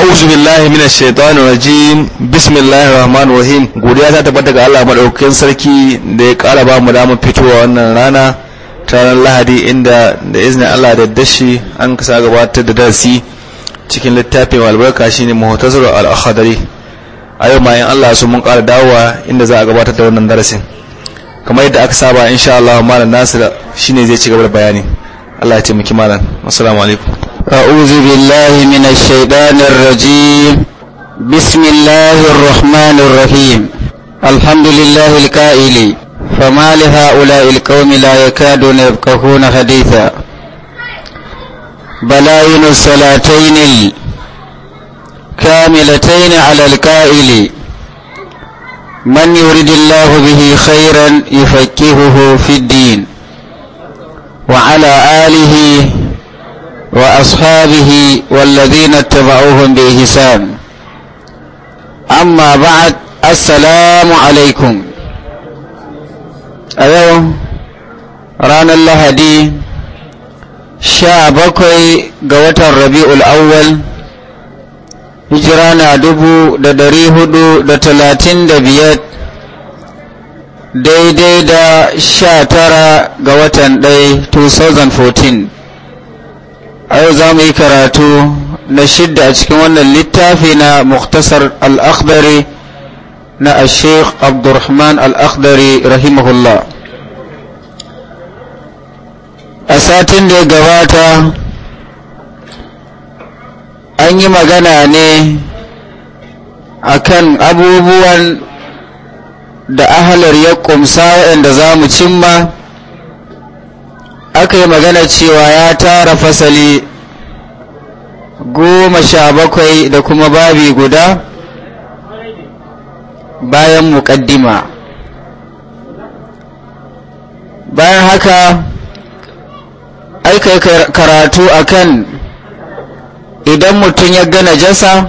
a'udhu billahi minash shaitanir rajim bismillahir rahmanir rahim godiya ta tabbata ga Allah madaukakin sarki da ya kara ba mu damar fitowa wannan rana ta ranar Lahadi inda da iznin Allah da dashi an kasa gabatar da darasi cikin littafin albarka shine muhtasar al-akhdari a ma in Allah su mun kara dawowa inda za a gabatar da wannan darasin kamar yadda aka saba insha Allah malam Nasir shine zai ci gaba da bayani Allah ya taimaki malam assalamu alaikum أعوذ بالله من الشيطان الرجيم بسم الله الرحمن الرحيم الحمد لله الكائل فما لهؤلاء القوم لا يكادون يفقهون حديثا بلاين الصلاتين الكاملتين على الكائل من يريد الله به خيرا يفكهه في الدين وعلى آله وأصحابه والذين اتبعوهم بإحسان أما بعد السلام عليكم أيوه ranar lahadi sha bakwai ga watan rabi'ul awwal hijira na dubu da dari hudu da talatin da biyar daidai da sha tara ga watan ɗaya 2014 a yau za mu yi karatu na shidda a cikin wannan littafi na muktasar al'akhdari na ashek abdurrahman al'akhdari rahimahullah a satin da ya gabata an yi magana ne a kan abubuwan da ahalar ya kumsa waɗanda za mu cimma aka yi magana cewa ya tara fasali goma sha bakwai da kuma babi guda bayan muƙaddima bayan haka aika karatu akan idan mutum ya gana jasa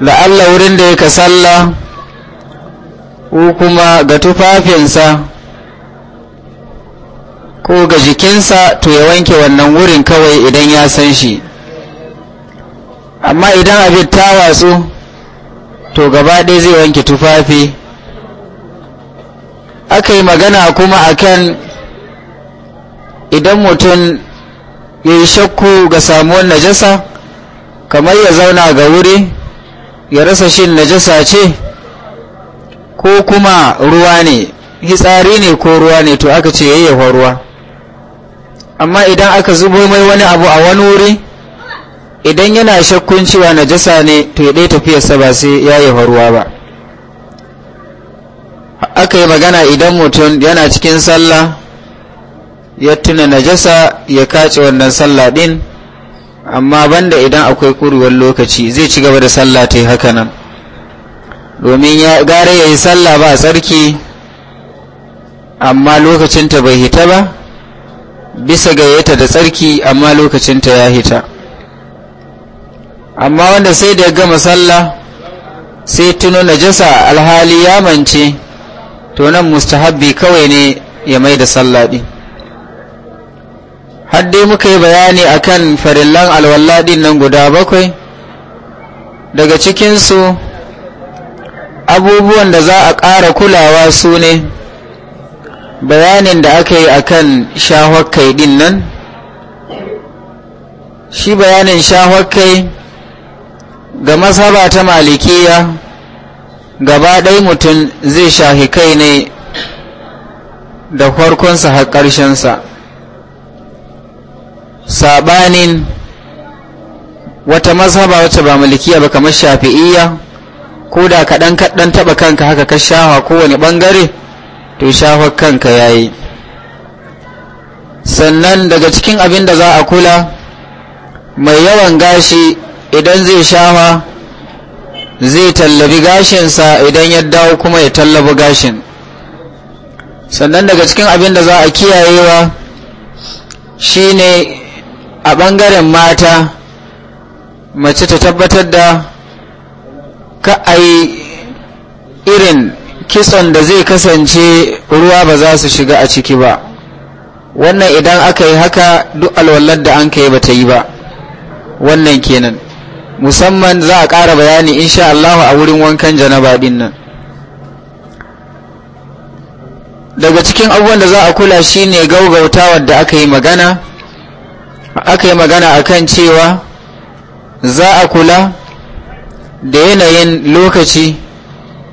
la'alla wurin da ya ka sallah ko kuma ga tufafinsa ko ga jikinsa to ya wanke wannan wurin kawai idan ya san shi amma idan abin ta watsu to gaba ɗaya zai wanke tufafi aka yi magana kuma akan idan mutum ya yi shakku ga samuwar najasa kamar ya zauna ga wuri ya rasa shin najasa ce ko kuma ruwa ne hitsari ne ko ruwa ne to aka ce yayyafa ruwa amma idan aka zubo mai wani abu a wani wuri idan yana shakkun cewa najasa ne to ya ɗaya tafiyarsa ba sai ya yi faruwa ba aka yi magana idan mutum yana cikin sallah ya tuna najasa ya kace wannan sallah din amma banda idan akwai kuruwar lokaci zai ci gaba da sallah ta yi haka nan domin ya gara ya yi sallah ba a tsarki amma lokacinta bai hita ba bisa gayyata da tsarki amma lokacinta ya hita amma wanda sai da ya gama sallah sai tuno najasa alhali ya mance to nan mustahabbi kawai ne ya mai da sallah din har dai muka yi bayani akan farillan alwaladin nan guda bakwai daga cikinsu abubuwan da za a ƙara kulawa su ne bayanin da aka yi akan kan shahokai din nan shi bayanin shahokai ga masaba ta malikiya gaba ɗai mutum zai shahi kai ne da farkonsa har ƙarshensa saɓanin wata mazhaba wacce ba malikiya ba kamar shafi'iyya ko da kaɗan kaɗan taɓa kanka haka ka shawa kowane ɓangare to shafa kanka ya yi. sannan daga cikin abin da za a kula mai yawan gashi idan zai shafa zai tallabi gashinsa idan ya dawo kuma ya tallabi gashin sannan daga cikin abin da za a kiyayewa shine a ɓangaren mata mace ta tabbatar da ka a yi irin kitson da zai kasance ruwa ba za su shiga a ciki ba wannan idan aka yi haka duk alwallar da an kai ba ta yi ba wannan kenan musamman za a ƙara bayani insha Allah a wurin wankan janaba din nan daga cikin abubuwan da za a kula shine gaugautawar da aka yi magana aka yi magana akan cewa za a kula da yanayin lokaci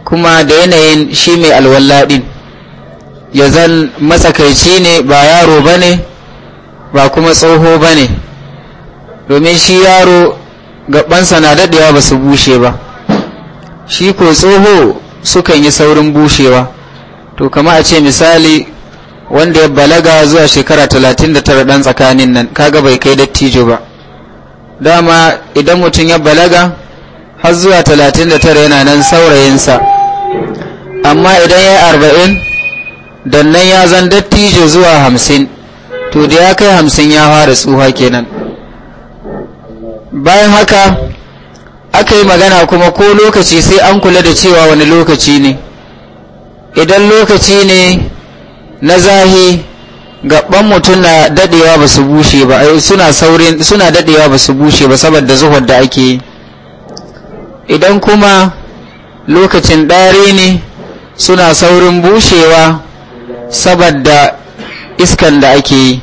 kuma da yanayin shi mai alwallaɗi ya zan matsakaici ne ba yaro ba ne ba kuma tsoho ba ne domin shi yaro gabansa na daɗewa ba su bushe ba shi ko tsoho sukan yi saurin bushewa to kama a ce misali wanda ya balaga zuwa shekara 39 ɗan tsakanin nan kaga bai kai dattijo ba dama idan mutum ya balaga har zuwa 39 yana nan saurayinsa amma idan ya yi arba'in nan ya zan dattijo zuwa hamsin to da ya kai hamsin ya fara tsuha kenan bayan haka aka yi magana kuma ko lokaci sai an kula da cewa wani lokaci ne idan lokaci ne na zahi gaban mutum na dadewa ba su bushe ba suna saurin suna dadewa ba su bushe ba saboda zuhar da ake idan kuma lokacin ɗare ne suna saurin bushewa saboda iskan da ake yi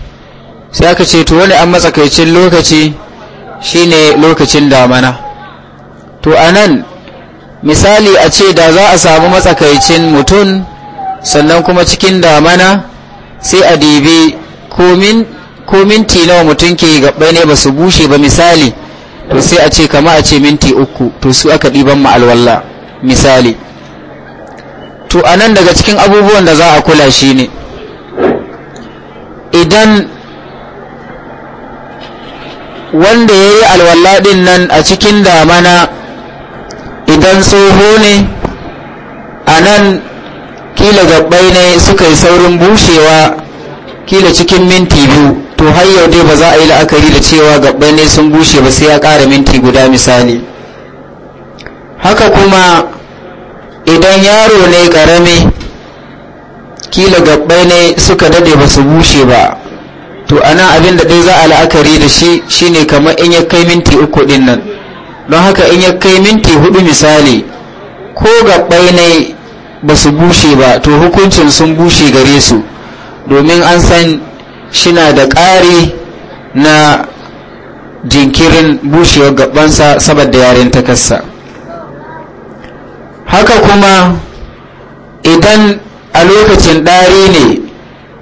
sai aka ce to wani an matsakaicin lokaci shine lokacin damana to anan misali a ce da za a samu matsakaicin mutum sannan kuma cikin damana sai a dibi ko minti nawa mutum ke gaba ne ba su bushe ba misali to sai a ce kama a ce minti uku to su aka ɗiban alwala misali to anan daga cikin abubuwan da za a kula shi ne idan wanda ya yi alwallaɗin nan a cikin damana idan tsoho ne a nan kila gabbai ne suka yi saurin bushewa kila cikin minti biyu to har yau dai ba za a yi la'akari da cewa gabbai ne sun bushe ba sai ya ƙara minti guda misali haka kuma idan yaro ne karami kila gabbai ne suka dade ba su bushe ba to ana abin da dai za a la'akari da shi shine kamar in ya kai minti uku din nan don haka in ya kai minti hudu misali ko gabbai ne ba su bushe ba to hukuncin sun bushe gare su domin an san shina da ƙari na jinkirin bushewar gabansa saboda yaren takarsa haka kuma idan a lokacin ɗari ne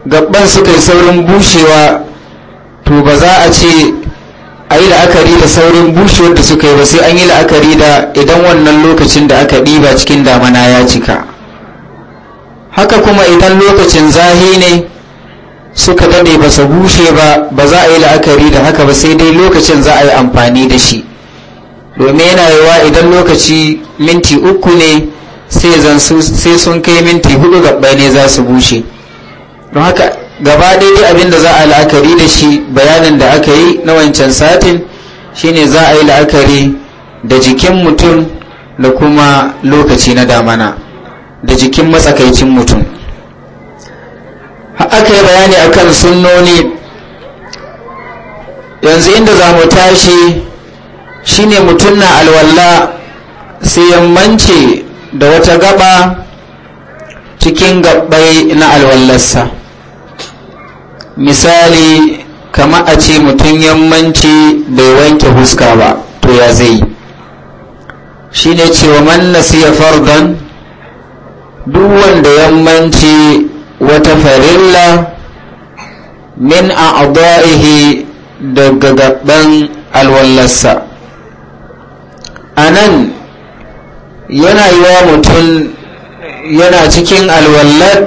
gabban suka yi saurin bushewa to ba za a ce a yi la'akari da saurin bushewar da suka yi ba sai an yi la'akari da idan wannan lokacin da aka ɗiba cikin damana ya cika haka kuma idan lokacin zahi ne suka daɗe ba su bushe ba ba za a yi la'akari da haka ba sai dai lokacin za a yi amfani da shi domin yana yawa idan lokaci minti uku ne sai sun kai minti hudu gabbai ne za su bushe don haka gaba daidai abin da za a la'akari da shi bayanin da aka yi na wancan satin shine za a yi la'akari da jikin mutum da kuma lokaci na damana da jikin matsakaicin mutum aka yi bayani akan sunnoni yanzu inda za mu tashi shine mutum na alwalla sai ya da wata gaba cikin gabbai na alwallarsa misali kama a ce mutum yammanci bai wanke huska ba to ya zai shi ne cewa man ya fardan duk wanda yammanci wata farilla min a daga gaban alwallarsa a nan yana yi wa mutum yana cikin alwallar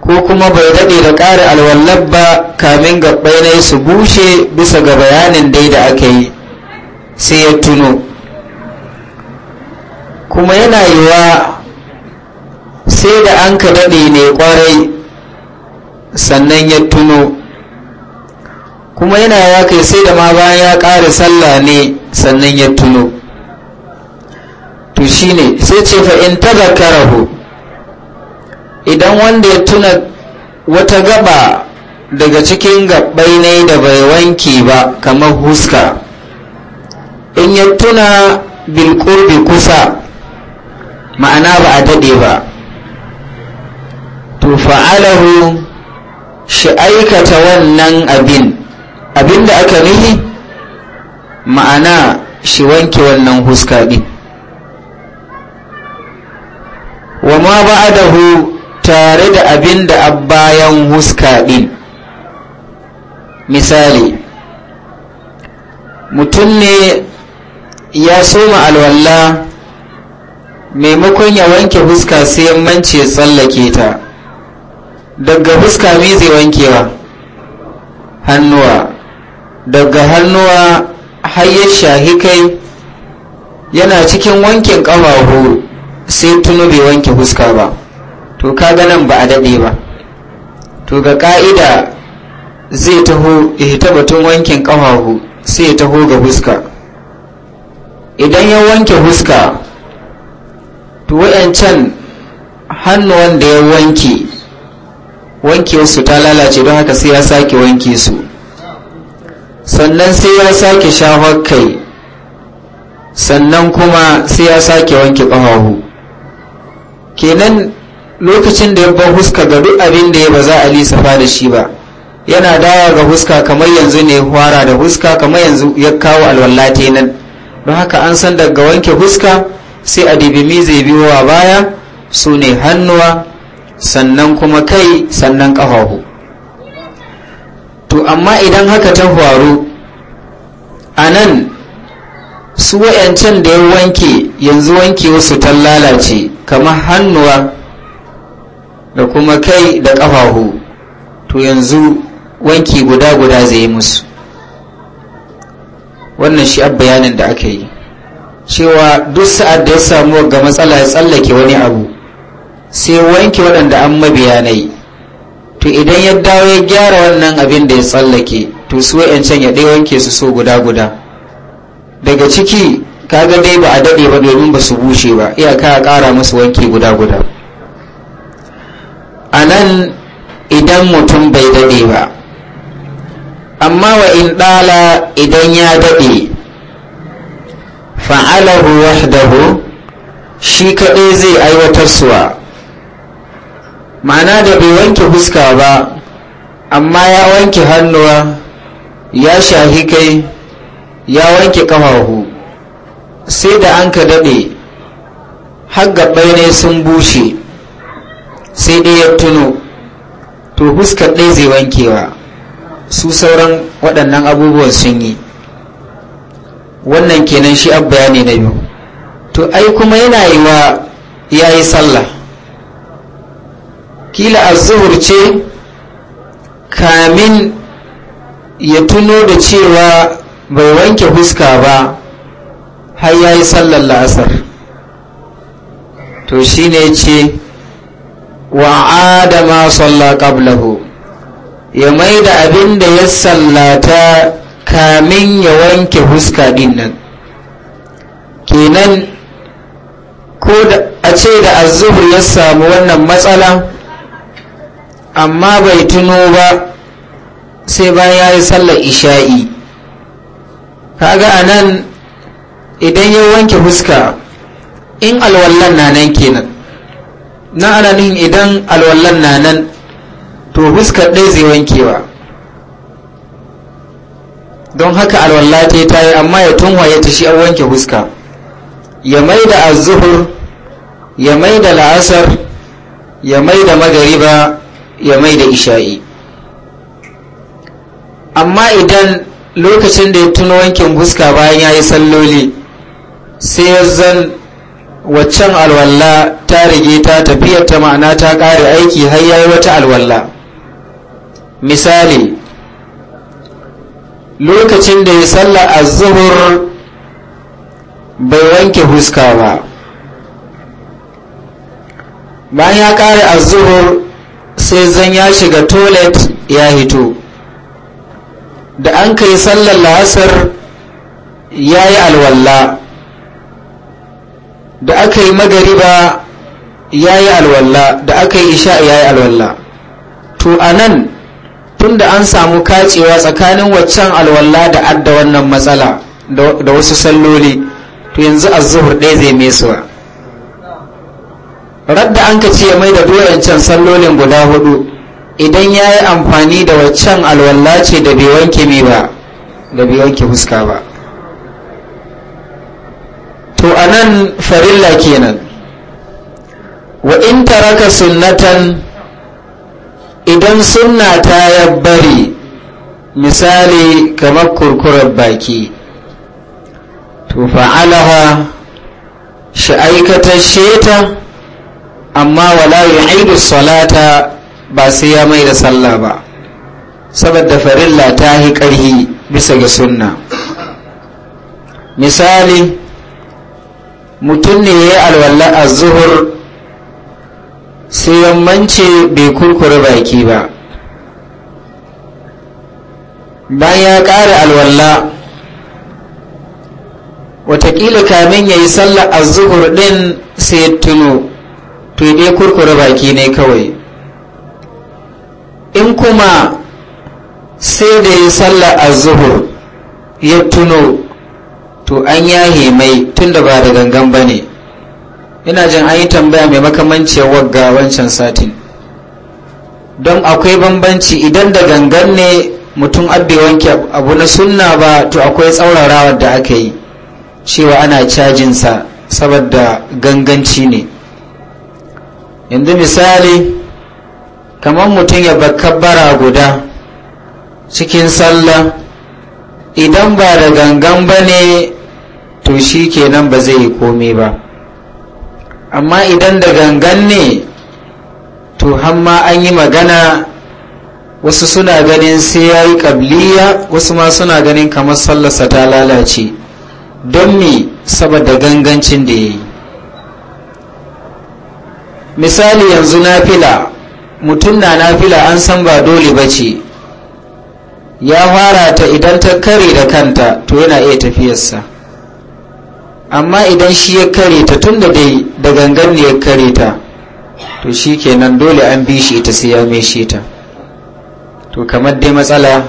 ko kuma bai daɗe da ƙara alwallar ba kamin gabbai na su bushe bisa ga bayanin dai da aka yi sai ya tuno kuma yana yi wa sai da an ka daɗe ne ƙwarai sannan ya tuno kuma yana ya kai sai da ma bayan ya ƙara sallah ne sannan ya tuno to shi ne sai ce fa in rabu. idan wanda ya tuna wata gaba daga cikin gabbai ne da bai wanke ba kamar huska in ya tuna bilkurbi kusa ma'ana ba a daɗe ba to fa'alahu shi aikata wannan abin abin da aka nihi ma'ana shi wanke wannan huska ɗin wa ma ba dahu tare da abin da bayan huska ɗin misali mutum ne ya soma alwalla maimakon ya wanke huska sai yammanci ya tsallake ta daga huska me zai wankewa hannuwa daga hannuwa har ya shahi kai yana cikin wankin ƙafafu sai tuno bai wanke fuska ba to kaga nan ba a daɗe ba to ga ƙa'ida zai taho ya hita batun wankin ƙafafu sai ya taho ga fuska idan ya wanke fuska to wayancan hannuwan da ya wanke wanke ta lalace don haka sai ya sake wanke su sannan sai ya sake shawar kai sannan kuma sai ya sake wanke ƙafafu kenan lokacin da ya bar huska ga duk abin da ya ba za a fa da shi ba yana dawa ga huska kamar yanzu ne fara da huska kamar yanzu ya kawo alwallate nan don haka an san daga wanke huska sai a dibimi zai biyo a baya su ne hannuwa sannan kuma kai sannan ƙafafu to amma idan haka ta faru a nan su wayancan da ya wanke yanzu wanke wasu ta lalace kamar hannuwa da kuma kai da ƙafahu to yanzu wanki guda-guda zai yi musu wannan shi bayanin da aka yi cewa duk sa'ad da ya samu ga matsala ya tsallake wani abu sai wanke waɗanda an mabiyanai to idan ya dawo ya gyara wannan abin da ya tsallake to su wa'yancan ya ɗaya wanke su so guda guda daga ciki kaga dai ba a daɗe ba domin ba su bushe ba iya a ƙara musu wanke guda guda a nan idan mutum bai daɗe ba amma wa in ɗala idan ya daɗe fa'alahu wahdahu shi kaɗai zai aiwatar suwa ma'ana da bai wanke fuska ba amma ya wanke hannuwa ya shahi kai ya wanke ƙafafu sai da an ka daɗe haggabai ne sun bushe sai ɗaya ya tuno to fuskar ɗaya zai wankewa su sauran waɗannan abubuwan sun yi wannan kenan shi abu ne na biyu to ai kuma yana yi wa ya yi sallah kila azuhur ce kamin ya tuno da cewa bai wanke fuska ba har ya yi sallar la'asar to shi ne ce wa adama salla qablahu ya mai da abin da ya sallata kamin ya wanke fuska din nan kenan ko da a ce da azuhur ya samu wannan matsala amma bai tuno ba sai bayan ya yi sallar isha'i kaga a nan idan ya wanke fuska in alwallan na nan kenan na ananin idan alwallan na nan to fuskar ɗaya zai wankewa don haka alwalla ta ta yi amma ya tunwaye ta shi an wanke fuska ya mai da azuhur ya mai da la'asar ya mai da magariba ya mai da isha'i amma idan lokacin da ya tuno wankin fuska bayan ya yi salloli sai ya zan waccan alwalla ta rage ta tafiyar ta ma'ana ta ƙare aiki har ya yi wata alwalla misali lokacin da ya salla a zuhur bai wanke fuska ba bayan ya ƙare a zuhur sai zan ya shiga toilet ya hito da an kai sallar la'asar ya yi alwallah da aka yi magariba ya yi alwallah da aka yi isha ya yi alwallah to a nan tun da an samu kacewa tsakanin waccan alwalla da adda wannan matsala da wasu salloli to yanzu azuhur ɗaya zai mesuwa radda an ka ce mai da can sallolin guda hudu idan ya yi amfani da waccan alwalla ce da bai wanke mai ba da bai wanke fuska ba to a nan farilla kenan wa in taraka sunnatan idan sunna ta ya bari misali kamar kurkurar baki to fa'alaha shi aikatar shetan amma wala aibu salata ba sai ya mai da sallah ba saboda farilla ta yi ƙarhi bisa ga sunna misali mutum ne ya yi alwala a sai yammanci bai kurkure baki ba bayan ya ƙara alwallar watakila kamin ya yi sallar azuhur din ɗin sai ya tuno to dai kurkure baki ne kawai in kuma sai da ya sallar azuhur ya tuno to an yahe mai tun da ba da gangan ba ne ina jin an yi tambaya mai makamanciyar wagga wancan satin don akwai bambanci idan da gangan ne mutum abbe wanke abu na sunna ba to akwai tsaurarawar da aka yi cewa ana cajinsa saboda ganganci ne yanzu misali kamar mutum ya bakabbara guda cikin sallah idan ba da gangan ba ne to shi kenan ba zai yi komai ba amma idan da gangan ne to hamma an yi magana wasu suna ganin sai ya yi kabliya wasu ma suna ganin kamar sallarsa ta lalace don me saboda gangancin da ya yi misali yanzu nafila mutum na nafila an san ba dole ba ce ya fara ta idan ta kare da kanta to yana iya tafiyarsa amma idan shi ya kare ta tun da dai da gangan ne ya kare ta to shi kenan dole an bi shi ta sai ya meshe ta to kamar dai matsala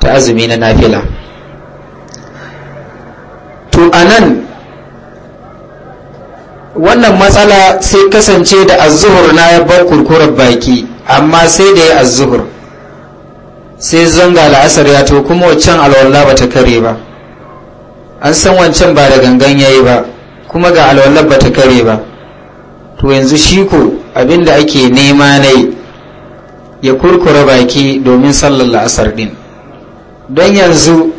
ta azumi na nafila to anan wannan matsala sai kasance da azuhur na ya bar kurkurar baki amma sai da ya azuhur sai zanga la'asar ya to kuma wancan alwallah ba ta kare ba an san wancan ba da gangan ya yi ba kuma ga alwallah ba ta kare ba to yanzu shi ko abinda ake nema ne ya kurkura baki domin sallar la'asar din don yanzu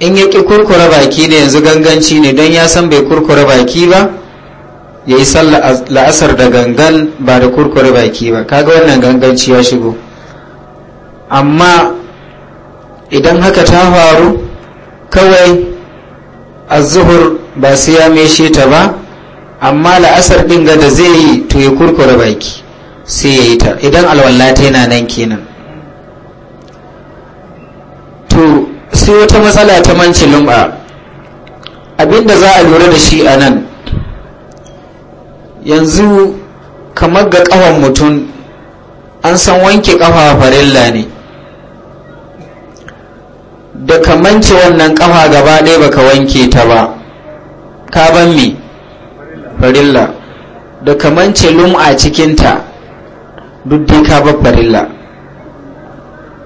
in ya ƙi kurkura baki ne yanzu ganganci ne don ya san bai kurkura baki ba ya yi sallar la'asar da gangan ba da kurkure baki ba kaga wannan ganganci ya shigo amma idan haka ta faru kawai azuhur ba su ya meshe ta ba amma la'asar ɗin ga da zai yi to ya kurkure baki sai ya yi ta idan alwallata yana nan kenan to sai wata matsala ta manci lumba. abinda za a lura da shi a nan yanzu kamar ga ƙafan mutum an san wanke ƙafa farilla ne da kamance wannan ƙafa gaba ɗaya baka wanke ta ba ka ban me farilla da kamance lum'a cikinta duk dai ka ba farilla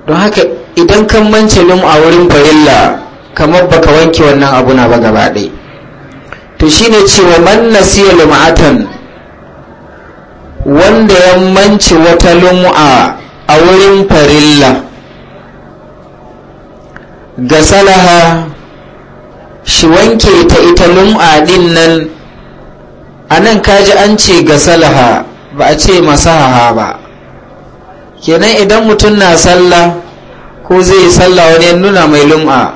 don haka idan kan mance lum'a wurin farilla kamar baka wanke wannan abu na ba gaba ɗaya to shine cewa man nasiya lum'atan wanda ya manci wata lum'a a wurin farilla ga salaha shi wanke ta ita lum'a din nan a nan kaji an ce ga salaha ba a ce masaha ba kenan idan mutum na sallah ko zai yi sallah wani ya nuna mai lum'a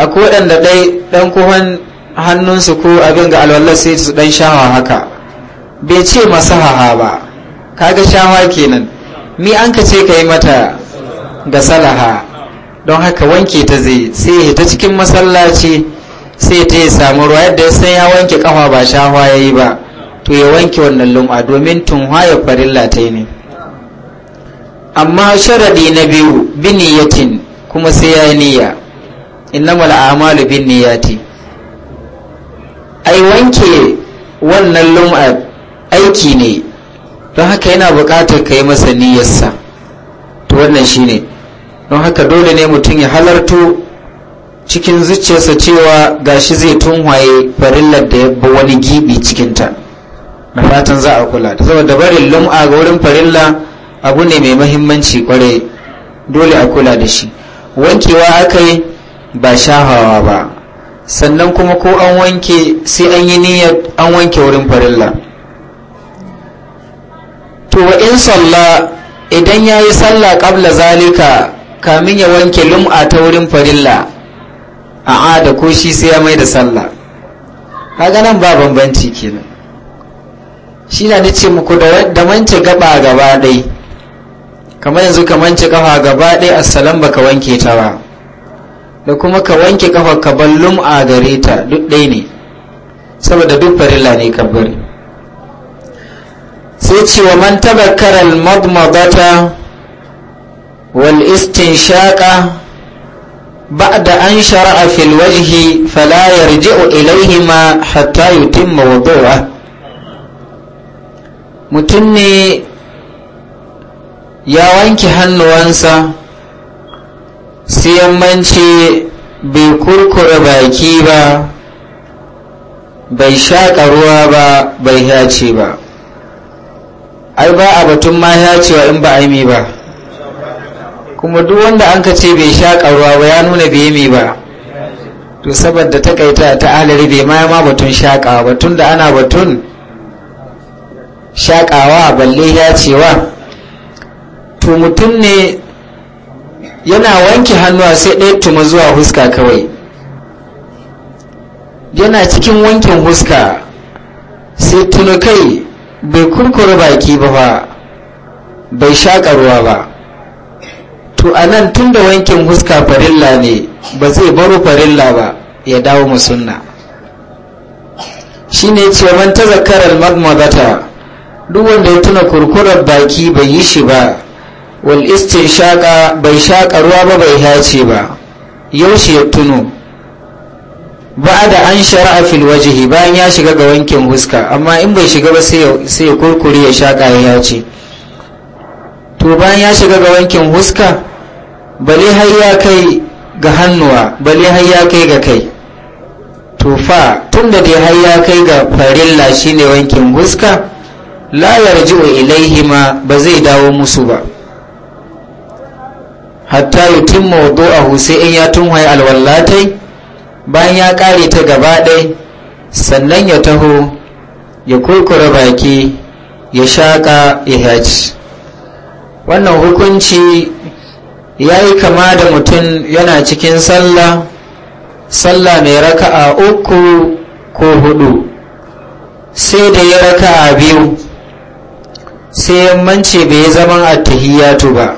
akwai waɗanda ɗai ɗan kuhan hannunsu ko abin ga alwallar sai su ɗan shawa haka bai ce haha ba kaga shawa kenan mi an ka ce ka yi mata ga salaha don haka wanke ta zai sai ya ta cikin masallaci sai ta yi samu ruwa yadda ya san ya wanke kafa ba shawa ya yi ba to ya wanke wannan lum'a domin tun haya farin latai ne amma sharadi na biyu yatin kuma sai ya yi niyya innamal a'malu niyati ai wanke wannan lum'a aiki ne don haka yana buƙatar ka yi masa niyyarsa to wannan ne don haka dole ne mutum ya halarto cikin zuciyarsa cewa gashi zai tunwaye farillar da ya bi wani gibi cikinta na fatan za a kula da saboda barin lum'a ga wurin farilla abu ne mai mahimmanci kwarai dole a kula da shi wankewa aka yi ba shahawa ba sannan kuma ko an wanke sai an yi niyyar an wanke wurin farilla to wa in salla idan ya yi salla ƙabla zalika kamin ya wanke lum'a ta wurin farilla a da ko shi sai ya mai da salla kaga nan ba bambanci kenan shi na nace muku da mance gaba gaba ɗai kamar yanzu ka mance kafa gaba ɗai assalam baka wanke ta ba da kuma ka wanke kafa ka lum'a gare ta duk ɗai ne saboda duk farilla ne ka bari sai ce wa man tabakkara al-madmadata wal istinshaqa ba'da an shara'a fil wajhi fala yarji'u ilayhima hatta yutimma wudu'a mutum ne ya wanke hannuwansa sai yammanci bai kurkura baki ba bai shaƙa ruwa ba bai hace ba ai ba a batun ma ya cewa in ba a yi ba kuma duk wanda an ka ce bai sha ƙaruwa ba ya nuna bai yi ba to saboda ta takaita ta ahalari bai ma ma batun shakawa batun da ana batun shaƙawa balle ya cewa to mutum ne yana wanke hannuwa sai ɗaya tuma zuwa huska kawai yana cikin wankin huska sai tuni kai bai kurkure baki ba ba bai shakarwa ba to a nan tun da wankin huska farilla ne ba zai baro farilla ba ya dawo musunna shi ne cewa man ta zakarar duk wanda ya tuna kurkurar baki bai yi shi ba wal istin bai shaƙa ruwa ba bai hace ba yaushe ya tuno ba da an shara'a fil wajihi bayan ya shiga ga wankin huska amma in bai shiga ba sai ya kurkure ya shaƙa ya ce to bayan ya shiga ga wankin huska bale har ya kai ga hannuwa bale har ya kai ga kai to fa tun da dai har ya kai ga farilla shine wankin huska la yarji'u ilaihima ba zai dawo musu ba hatta yutimma wudu'ahu sai in ya tunhaye alwallatai bayan ya kare ta gaba ɗai sannan ya taho ya kurkura baki ya shaƙa ihaj wannan hukunci ya yi kama da mutum yana cikin sallah sallah mai raka'a uku ko hudu sai da ya raka'a biyu sai yammanci bai zaman attahiyatu ba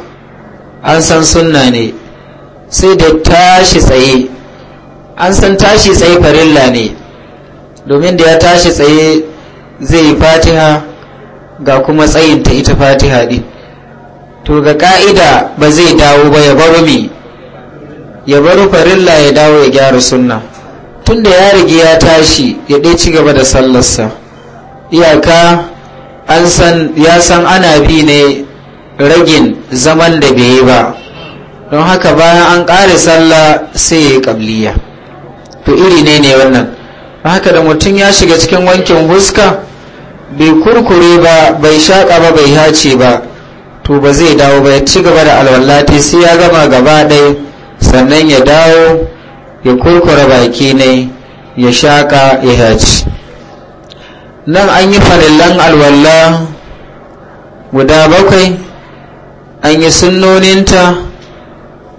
an san sunna ne sai da tashi tsaye an san tashi tsaye farilla ne domin da ya tashi tsaye zai yi fatiha ga kuma tsayin ta ita fatiha din to ga ƙa'ida ba zai dawo ba ya bar mi ya baro farilla ya dawo ya gyara sunna tunda ya rige ya tashi ya ɗai ci gaba da sallarsa iyaka an san ya san ana bi ne ragin zaman da bai yi ba don haka bayan an ƙare sallah sai ya yi ƙabliya to iri ne ne wannan haka da mutum ya shiga cikin wankin huska bai kurkure ba bai shaƙa ba bai hace ba to ba zai dawo ba ya ci gaba da alwallati sai ya gama gaba ɗaya sannan ya dawo ya kurkure baki ne ya shaƙa ya hace nan an yi farillan alwalla guda bakwai an yi sunnoninta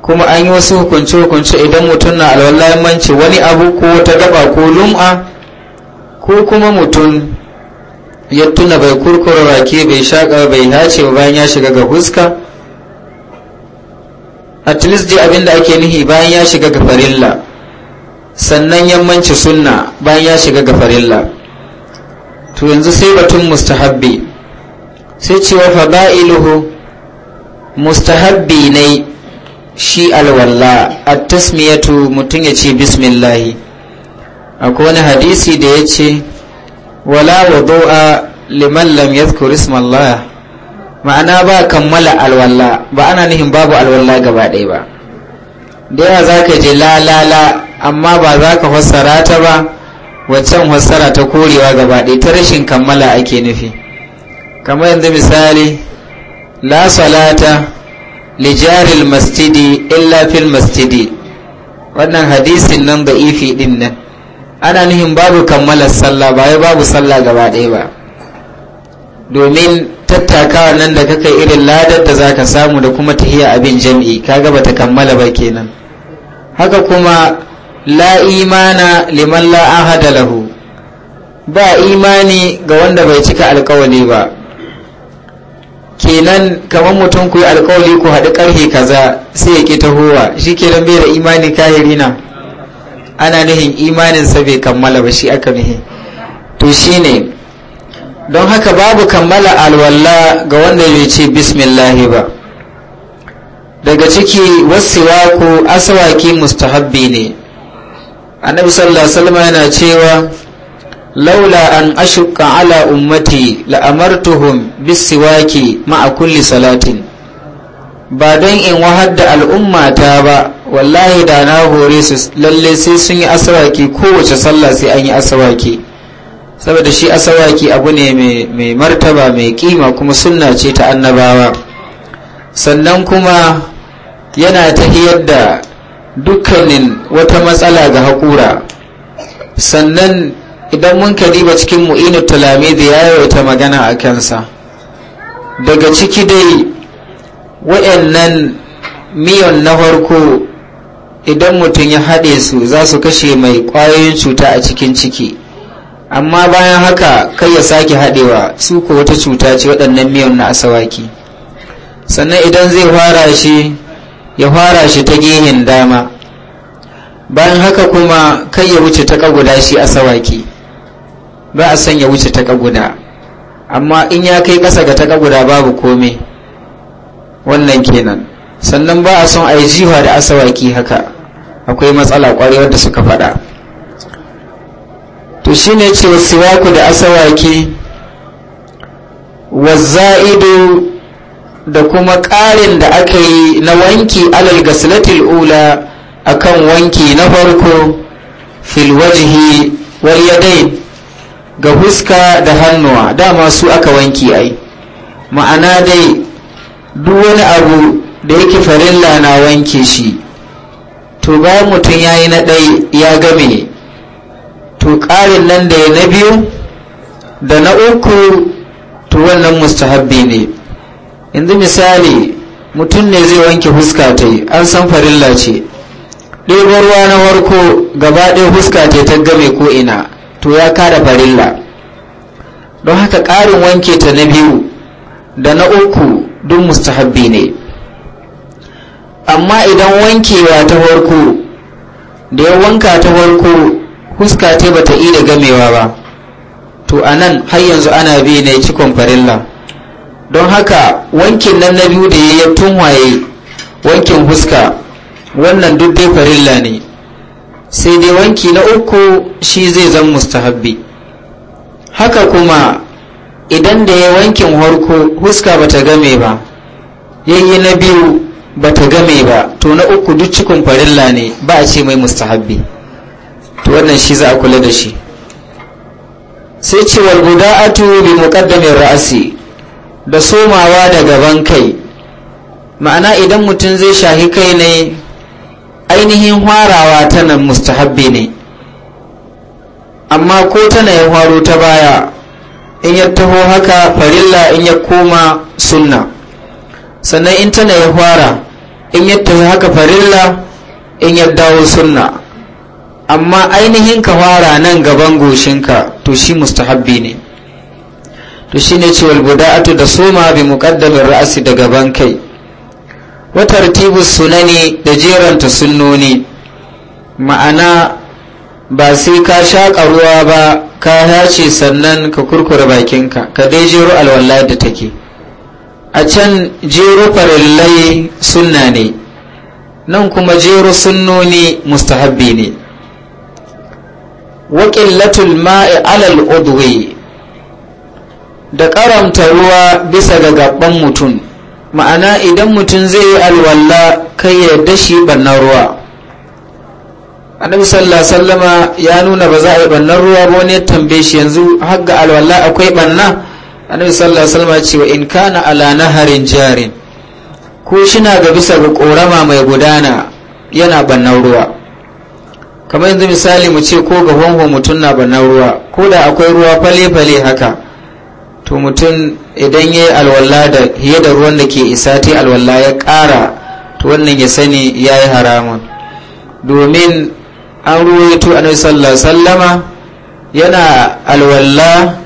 kuma an yi wasu hukunce-hukunce idan mutum na alwallah manci wani abu ko ta gaba ko lum'a ko kuma mutum ya tuna bai kurkura rake bai shaƙa bai ba bayan ya shiga ga huska at least dai abinda ake nihi bayan ya shiga ga farilla sannan yammanci sunna bayan ya shiga ga farilla to yanzu sai batun mustahabbi sai cewa ba'iluhu mustahabbi ne shi alwalla a tasmiyatu mutum ya ce bismillahi akwai wani hadisi da ya ce wala do'a, liman lam yadhkur ismallah ma'ana ba kammala alwalla ba ana nihin babu alwalla gaba ɗaya ba da yawa za ka je lalala amma ba za ka fassara ta ba waccan fassara ta korewa gaba ɗaya ta rashin kammala ake nufi kamar yanzu misali la salata lijaril masjidi illa fil masjidi wannan hadisin nan da ifi din nan ana nuhin babu kammala sallah ba ya babu sallah gaba ɗaya ba domin tattakawa nan da kaka irin ladar da za ka samu da kuma tahiya abin jam'i kaga ta kammala ba kenan haka kuma la imana liman la ahada lahu ba imani ga wanda bai cika alkawali ba kenan kamar mutum ku yi alkawali ku haɗu ƙarfe kaza sai ya ƙi tahowa shi kenan bai da imani kahiri na ana nuhin imaninsa bai kammala ba shi aka nuhi to shi ne don haka babu kammala alwalla ga wanda ya ce bismillahi ba daga ciki wasiwaku asawaki mustahabbi ne annabi sallallahu alaihi wasallam yana cewa laula an ashuka ala ummati la'amartuhum bisiwaki ma'a kulli salatin ba don in wahar da ta ba wallahi da na hore su lalle sai sun yi asawaki kowace sallah sai an yi asawaki saboda shi asawaki abu ne mai martaba mai kima kuma sunna ce ta annabawa sannan kuma yana hiyar da dukkanin wata matsala ga haƙura sannan idan mun kadiba cikin mu'inu tulami da ya ta magana a kansa daga ciki dai wa'annan miyan na farko idan mutum ya haɗe su za su kashe mai ƙwayoyin cuta a cikin ciki amma bayan haka kai ya sake haɗewa su ko wata cuta ce waɗannan miyan na asawaki sannan idan zai fara shi ya fara shi ta gehen dama bayan haka kuma kai ya wuce ta guda shi asawaki ba a sanya wuce ta guda amma in ya kai ƙasa ga ta guda babu komai wannan kenan sannan ba a son a yi jiwa da asawaki haka akwai matsala ƙwarewar da suka faɗa to shine cewa siwaku da asawaki wazza'idu da kuma ƙarin da aka yi na wanki alal gaslatil ula akan wanki na farko fil wajhi wal yadain ga fuska da hannuwa dama su aka wanki ai ma'ana dai duk wani abu da yake farilla na wanke shi to ba mutum ya yi na ɗai ya game to ƙarin nan da ya na biyu da na uku to wannan mustahabbi ne yanzu misali mutum ne zai wanke fuska ta yi an san farilla ce ɗebo ruwa na warko gaba ɗaya fuska ta ta game ko ina to ya kara farilla don haka ƙarin wanke ta na biyu da na uku duk mustahabbi ne amma idan wankewa ta farko da ya wanka ta farko huska ta bata iya gamewa ba to a nan har yanzu ana bi ne cikon farilla don haka wankin nan na biyu da ya tunwaye wankin huska wannan duk dai farilla ne sai dai wanki na uku shi zai zan mustahabbi haka kuma idan da ya wankin harko huska bata game ba yayi na biyu bata game ba to na uku duk cikin farilla ne ba a ce mai mustahabbi to wannan shi za a kula da shi sai cewar guda guda'atu bi muqaddamin rasi da somawa da gaban kai ma'ana idan mutum zai shahi kai ne ainihin hwarawa ta nan mustahabbi ne amma ko tana ya hwaro ta baya in ya taho haka farilla in ya koma sunna sannan in tana ya hwara in ya taho haka farilla in ya dawo sunna amma ainihin ka hwara nan gaban goshinka to shi mustahabbi ne to shi ne cewar buda'atu da soma bi muqaddamin ra'asi daga bankai kai watar tartibu sunani da jeranta sunnoni ma'ana ba sai ka shaƙa ruwa ba ka hace sannan ka kurkura bakinka ka dai jero alwallahi da take a can jero farillai sunna ne nan kuma jero sunnoni mustahabbi ne waƙillatul ma'i alal udwi da ƙaramta ruwa bisa ga gaban mutum ma'ana idan mutum zai yi alwalla kai ya dashi bannan ruwa annabi sallallahu sallama ya nuna ba za a yi bannan ruwa ba wani tambaye shi yanzu har ga alwalla akwai banna annabi sallallahu sallama ce wa in kana ala naharin jarin ko shi na ga bisa ga korama mai gudana yana bannan ruwa kamar yanzu misali mu ce ko ga honho mutum na bannan ruwa ko da akwai ruwa fale-fale haka to mutum idan ya yi alwala da hiye da ruwan da ke isa ta alwala ya ƙara to wannan ya sani ya yi haramun domin an ruwaito a sallallahu sallama yana alwala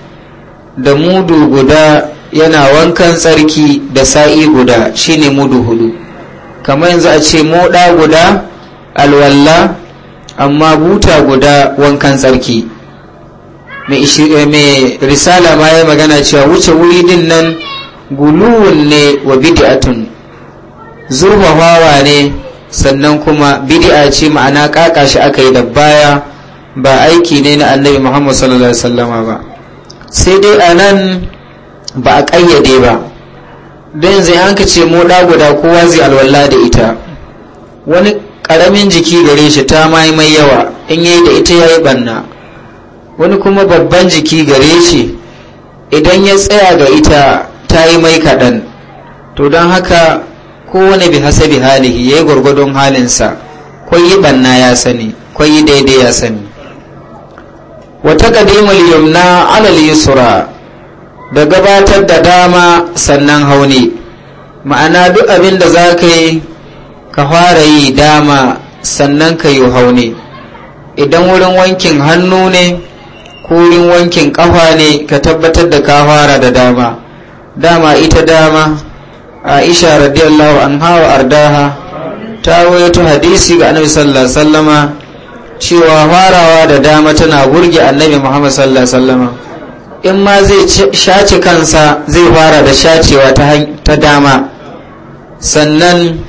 da mudu guda yana wankan tsarki da sa'i guda shine mudu hudu kamar yanzu a ce moɗa guda alwalla amma buta guda wankan tsarki Eh, mai risala ma ya magana cewa wuce wuri din nan guluwun ne wa bid'atun zurfafawa ne sannan kuma bid'a ce ma'ana shi aka yi da baya ba aiki ne na annabi muhammad sallallahu alaihi wasallama ba sai dai a nan ba a ƙayyade ba don zai hanka ce moɗa guda kowa zai alwala da ita wani ƙaramin jiki gare shi ta mai mai yawa in yayi da ita yayi banna wani kuma babban jiki gare shi idan ya tsaya ga ita ta yi mai kaɗan to don haka kowane bi bi halihi ya yi gwargwadon halinsa yi banna ya sani yi daidai ya sani wata kadimul yumna alal yusra da gabatar da dama sannan hauni ma'ana duk abin da za ka yi ka fara yi dama sannan ka yi hauni idan wurin wankin hannu ne koyin wankin kafa ne ka tabbatar da ka fara da dama dama ita dama aisha radiyallahu anha wa ardaha ta wayato hadisi ga annabi sallallahu alaihi wasallama cewa farawa da dama tana burge annabi muhammad sallallahu alaihi wasallama in ma zai shaci kansa zai fara da shacewa ta dama sannan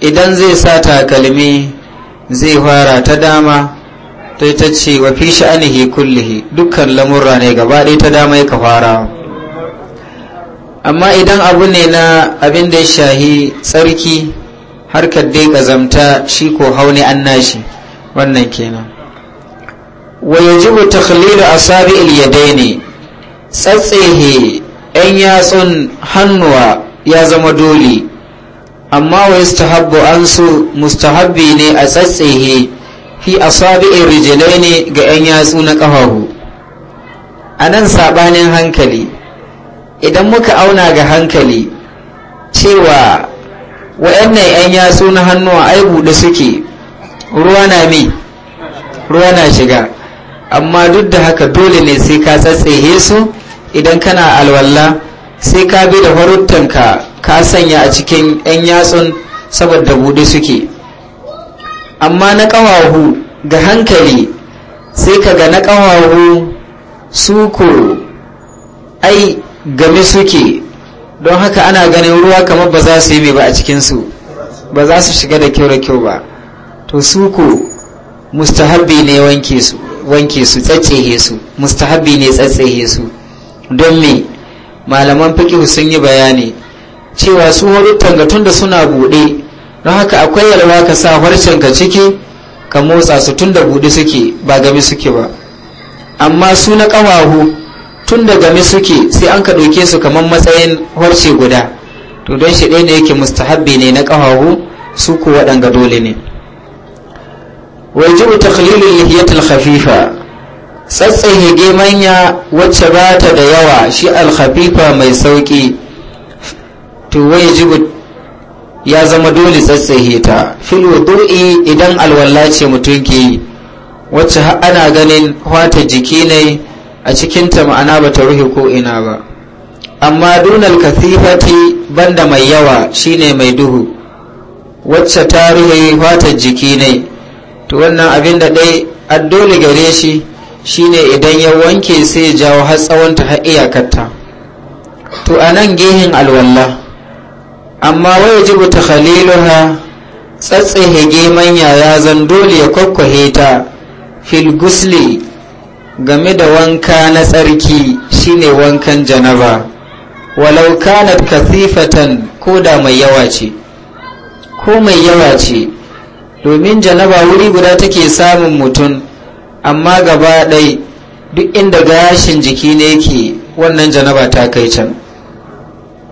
idan zai sa takalmi zai fara ta dama ta ita ce wa fi sha'anihi kullihi dukkan lamurra ne gaba ɗaya ta dama ya fara amma idan abu ne na abin da ya shahi tsarki harkar dai ƙazamta shi ko hauni an nashi wannan kenan wa yajibu takhlilu asabi al-yadaini tsatsehe yan yatsun hannuwa ya zama dole amma wa yastahabbu an su mustahabbi ne a tsatsehe fi asabi'in rijilai ne ga 'yan yatsu na ƙafafu a nan saɓanin hankali idan muka auna ga hankali cewa waɗannan 'yan yatsu na hannuwa ai buɗe suke ruwa na mi ruwa na shiga amma duk da haka dole ne sai ka tsatsaye su idan kana alwalla sai ka bi da farutanka ka sanya a cikin 'yan yatsun saboda buɗe suke amma na ƙawahu ga hankali sai ka ga na ƙawahu su ko ai game suke don haka ana ganin ruwa kamar ba za su yi mai ba a cikinsu ba za su shiga da kyau da kyau ba to su ko mustahabbi ne wanke su wanke su tsatsehe su mustahabbi ne tsatsehe su don me malaman fikihu sun yi bayani cewa su halittar ga tunda suna buɗe don haka akwai yalwa ka sa harshen ka ciki ka motsa su tun da buɗe suke ba game suke ba amma su na ƙawahu tun da game suke sai an ka ɗauke su kamar matsayin harshe guda to don shi ɗaya da yake mustahabbi ne na ƙawahu su ko waɗanga dole ne wajibu takhlilul lihiyatul khafifa tsatsaye gemanya wacce ba ta da yawa shi alkhafifa mai sauƙi to wajibu ya zama dole tsatsaye ta fil wudu'i idan alwala ce mutum ke yi wacce ana ganin wata jiki ne a cikinta ma'ana ba ta ruhe ko ina ba amma dunal kathifati banda mai yawa shine mai duhu wacce ta ruhe wata jiki ne to wannan abin da dai addole gare shi shine idan ya wanke sai ya jawo har tsawonta har iyakarta to a nan gehen alwallah amma waya jibu ta khaliluha tsatsehe manya ya zan dole ya kwakwahe ta fil gusli game da wanka na tsarki shine wankan janaba walau kanat kathifatan ko da mai yawa ce ko mai yawa ce domin janaba wuri guda take samun mutum amma gaba ɗai duk inda gashin jiki ne ke wannan janaba ta kai can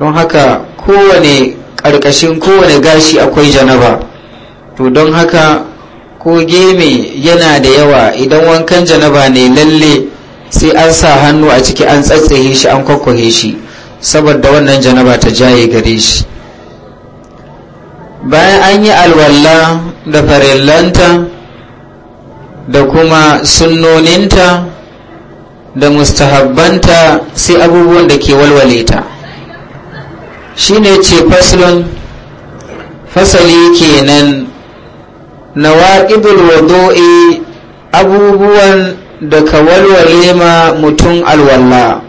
don haka kowane ƙarƙashin kowane gashi akwai janaba to don haka ko geme yana da yawa idan wankan janaba ne lalle sai an sa hannu a ciki an tsatsaye shi an kwakwahe shi saboda wannan janaba ta jaye gare shi bayan an yi alwallah da farillanta da kuma sunnoninta da mustahabbanta sai abubuwan da ke walwale ta Shi ne ce faslun fasali kenan na waƙibul wado'i abubuwan da ka walwale ma mutum alwalla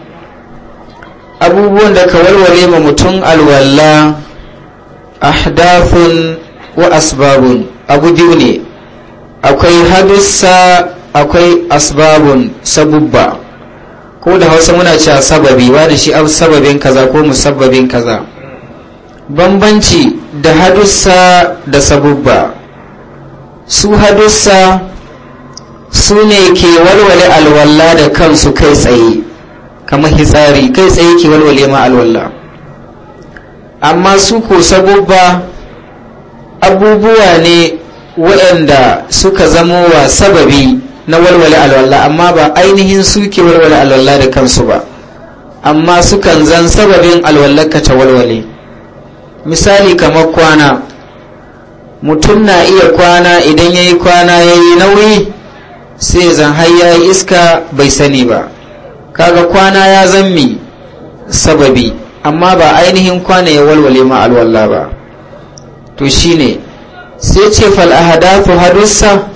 abubuwan da ka walwale ma mutum alwalla Ahdafun wa asbabun abu biyu ne akwai hadussa akwai asbabun sabubba ko da hausa muna cewa sababi wani shi sababin kaza ko musabbabin kaza bambanci da hadussa da sabubba su hadussa su ne ke walwale alwalla da kansu kai tsaye kamar hitsari kai tsaye ke walwale ma alwalla amma su ko sabubba abubuwa ne waɗanda suka zamo wa sababi na walwale alwalla amma ba ainihin su ke walwale alwalla da kansu ba amma sukan zan sababin alwallarka ta walwale misali kamar kwana mutum na iya kwana idan ya yi kwana ya yi nauyi sai zan har iska bai sani ba kaga kwana ya mi sababi amma ba ainihin kwana ya walwale ma alwalla ba to shine sai ce fal hadussa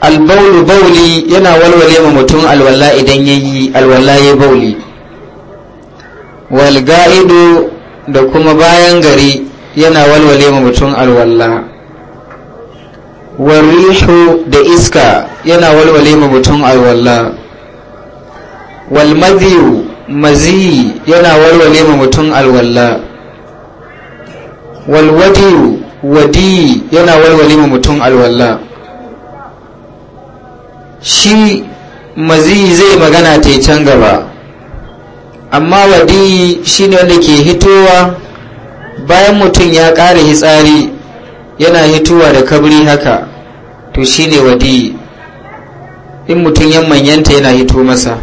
albaulu bauli yana walwale ma mutum alwalla idan ya yi alwalla ya bauli wal ido. da kuma bayan gari yana walwale ma mutum alwalla warihu da iska yana walwale ma mutum alwalla walmadiyu mazi yana walwale ma mutum alwalla walwadiyu wadiyi yana walwale ma mutum alwalla shi mazi zai magana ta can gaba amma wadi shine wanda ke hitowa bayan mutum ya ƙara hitsari yana hitowa da kabri haka to shine wadi in mutum ya manyanta yana hito masa